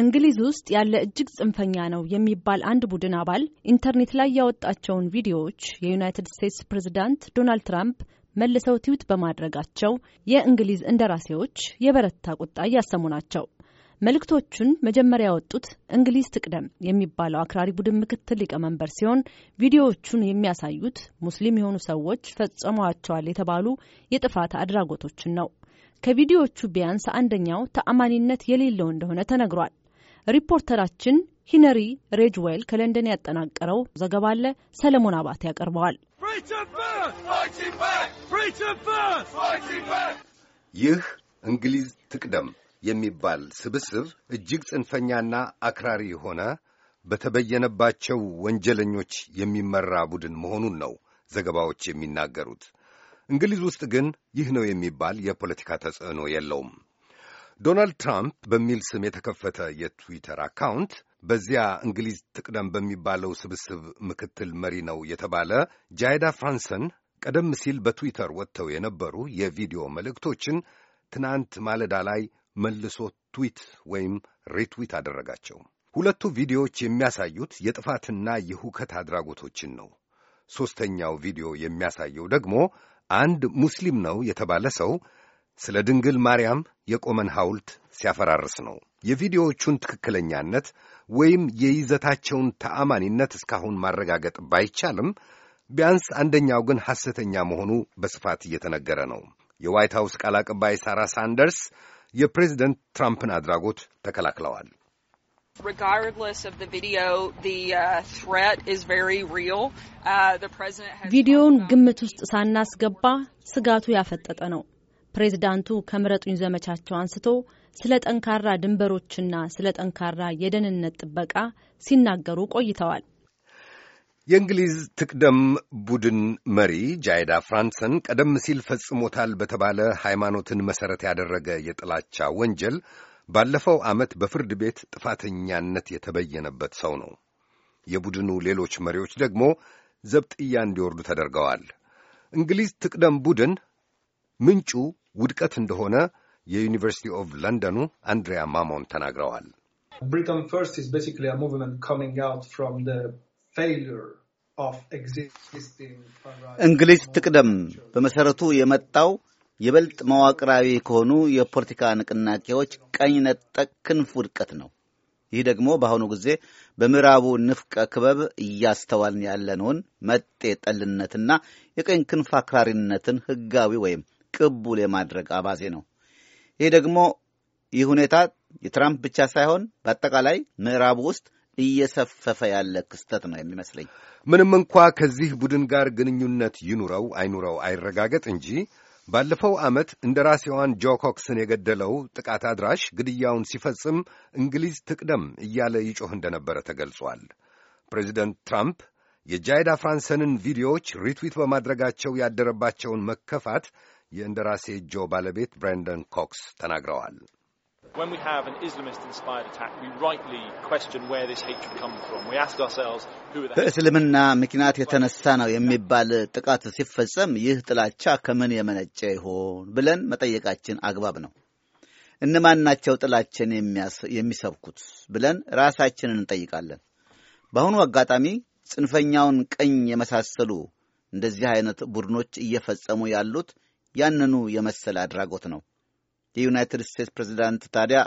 እንግሊዝ ውስጥ ያለ እጅግ ጽንፈኛ ነው የሚባል አንድ ቡድን አባል ኢንተርኔት ላይ ያወጣቸውን ቪዲዮዎች የዩናይትድ ስቴትስ ፕሬዝዳንት ዶናልድ ትራምፕ መልሰው ትዊት በማድረጋቸው የእንግሊዝ እንደራሴዎች የበረታ ቁጣ እያሰሙ ናቸው። መልእክቶቹን መጀመሪያ ያወጡት እንግሊዝ ትቅደም የሚባለው አክራሪ ቡድን ምክትል ሊቀመንበር ሲሆን ቪዲዮዎቹን የሚያሳዩት ሙስሊም የሆኑ ሰዎች ፈጽመዋቸዋል የተባሉ የጥፋት አድራጎቶችን ነው። ከቪዲዮዎቹ ቢያንስ አንደኛው ተአማኒነት የሌለው እንደሆነ ተነግሯል። ሪፖርተራችን ሂነሪ ሬጅዌል ከለንደን ያጠናቀረው ዘገባ አለ። ሰለሞን አባት ያቀርበዋል። ይህ እንግሊዝ ትቅደም የሚባል ስብስብ እጅግ ጽንፈኛና አክራሪ የሆነ በተበየነባቸው ወንጀለኞች የሚመራ ቡድን መሆኑን ነው ዘገባዎች የሚናገሩት። እንግሊዝ ውስጥ ግን ይህ ነው የሚባል የፖለቲካ ተጽዕኖ የለውም። ዶናልድ ትራምፕ በሚል ስም የተከፈተ የትዊተር አካውንት በዚያ እንግሊዝ ትቅደም በሚባለው ስብስብ ምክትል መሪ ነው የተባለ ጃይዳ ፍራንሰን ቀደም ሲል በትዊተር ወጥተው የነበሩ የቪዲዮ መልእክቶችን ትናንት ማለዳ ላይ መልሶ ትዊት ወይም ሪትዊት አደረጋቸው። ሁለቱ ቪዲዮዎች የሚያሳዩት የጥፋትና የሁከት አድራጎቶችን ነው። ሦስተኛው ቪዲዮ የሚያሳየው ደግሞ አንድ ሙስሊም ነው የተባለ ሰው ስለ ድንግል ማርያም የቆመን ሐውልት ሲያፈራርስ ነው። የቪዲዮዎቹን ትክክለኛነት ወይም የይዘታቸውን ተአማኒነት እስካሁን ማረጋገጥ ባይቻልም ቢያንስ አንደኛው ግን ሐሰተኛ መሆኑ በስፋት እየተነገረ ነው። የዋይት ሃውስ ቃል አቀባይ ሳራ ሳንደርስ የፕሬዚደንት ትራምፕን አድራጎት ተከላክለዋል። uh, uh, ቪዲዮውን ግምት ውስጥ ሳናስገባ ስጋቱ ያፈጠጠ ነው። ፕሬዚዳንቱ ከምረጡኝ ዘመቻቸው አንስቶ ስለ ጠንካራ ድንበሮችና ስለ ጠንካራ የደህንነት ጥበቃ ሲናገሩ ቆይተዋል። የእንግሊዝ ትቅደም ቡድን መሪ ጃይዳ ፍራንሰን ቀደም ሲል ፈጽሞታል በተባለ ሃይማኖትን መሠረት ያደረገ የጥላቻ ወንጀል ባለፈው ዓመት በፍርድ ቤት ጥፋተኛነት የተበየነበት ሰው ነው። የቡድኑ ሌሎች መሪዎች ደግሞ ዘብጥያ እንዲወርዱ ተደርገዋል። እንግሊዝ ትቅደም ቡድን ምንጩ ውድቀት እንደሆነ የዩኒቨርሲቲ ኦፍ ለንደኑ አንድሪያ ማሞን ተናግረዋል። ብሪታን ፈርስት ኢዝ ቤሲካሊ አ ሙቭመንት አውት ፍሮም እንግሊዝ ትቅደም በመሠረቱ የመጣው ይበልጥ መዋቅራዊ ከሆኑ የፖለቲካ ንቅናቄዎች ቀኝ ነጠቅ ክንፍ ውድቀት ነው። ይህ ደግሞ በአሁኑ ጊዜ በምዕራቡ ንፍቀ ክበብ እያስተዋልን ያለነውን መጤ ጠልነትና የቀኝ ክንፍ አክራሪነትን ሕጋዊ ወይም ቅቡል የማድረግ አባዜ ነው። ይህ ደግሞ ይህ ሁኔታ የትራምፕ ብቻ ሳይሆን በአጠቃላይ ምዕራቡ ውስጥ እየሰፈፈ ያለ ክስተት ነው የሚመስለኝ። ምንም እንኳ ከዚህ ቡድን ጋር ግንኙነት ይኑረው አይኑረው አይረጋገጥ እንጂ ባለፈው ዓመት እንደራሴዋን ጆ ኮክስን የገደለው ጥቃት አድራሽ ግድያውን ሲፈጽም እንግሊዝ ትቅደም እያለ ይጮህ እንደነበረ ተገልጿል። ፕሬዚደንት ትራምፕ የጃይዳ ፍራንሰንን ቪዲዮዎች ሪትዊት በማድረጋቸው ያደረባቸውን መከፋት የእንደራሴ ጆ ባለቤት ብራንደን ኮክስ ተናግረዋል። when we have an Islamist inspired attack, we rightly question where this hatred comes from. We ask ourselves, who are the በእስልምና ምክንያት የተነሳ ነው የሚባል ጥቃት ሲፈጸም ይህ ጥላቻ ከምን የመነጨ ይሆን ብለን መጠየቃችን አግባብ ነው። እነማን ናቸው ጥላችን የሚሰብኩት ብለን ራሳችንን እንጠይቃለን። በአሁኑ አጋጣሚ ጽንፈኛውን ቀኝ የመሳሰሉ እንደዚህ አይነት ቡድኖች እየፈጸሙ ያሉት ያንኑ የመሰለ አድራጎት ነው። የዩናይትድ ስቴትስ ፕሬዚዳንት ታዲያ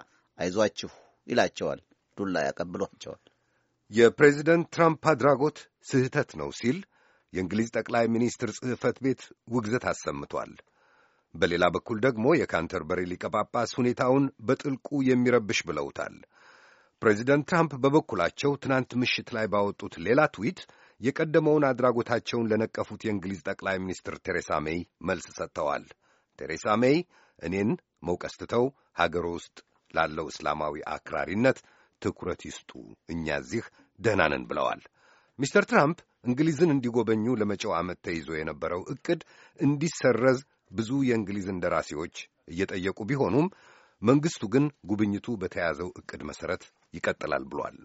አይዟችሁ ይላቸዋል፣ ዱላ ያቀብሏቸዋል። የፕሬዚደንት ትራምፕ አድራጎት ስህተት ነው ሲል የእንግሊዝ ጠቅላይ ሚኒስትር ጽሕፈት ቤት ውግዘት አሰምቷል። በሌላ በኩል ደግሞ የካንተርበሪ ሊቀ ጳጳስ ሁኔታውን በጥልቁ የሚረብሽ ብለውታል። ፕሬዚደንት ትራምፕ በበኩላቸው ትናንት ምሽት ላይ ባወጡት ሌላ ትዊት የቀደመውን አድራጎታቸውን ለነቀፉት የእንግሊዝ ጠቅላይ ሚኒስትር ቴሬሳ ሜይ መልስ ሰጥተዋል። ቴሬሳ ሜይ እኔን መውቀስ ትተው ሀገር ውስጥ ላለው እስላማዊ አክራሪነት ትኩረት ይስጡ፣ እኛ እዚህ ደህና ነን ብለዋል። ሚስተር ትራምፕ እንግሊዝን እንዲጎበኙ ለመጪው ዓመት ተይዞ የነበረው ዕቅድ እንዲሰረዝ ብዙ የእንግሊዝ እንደራሴዎች እየጠየቁ ቢሆኑም መንግሥቱ ግን ጉብኝቱ በተያዘው ዕቅድ መሠረት ይቀጥላል ብሏል።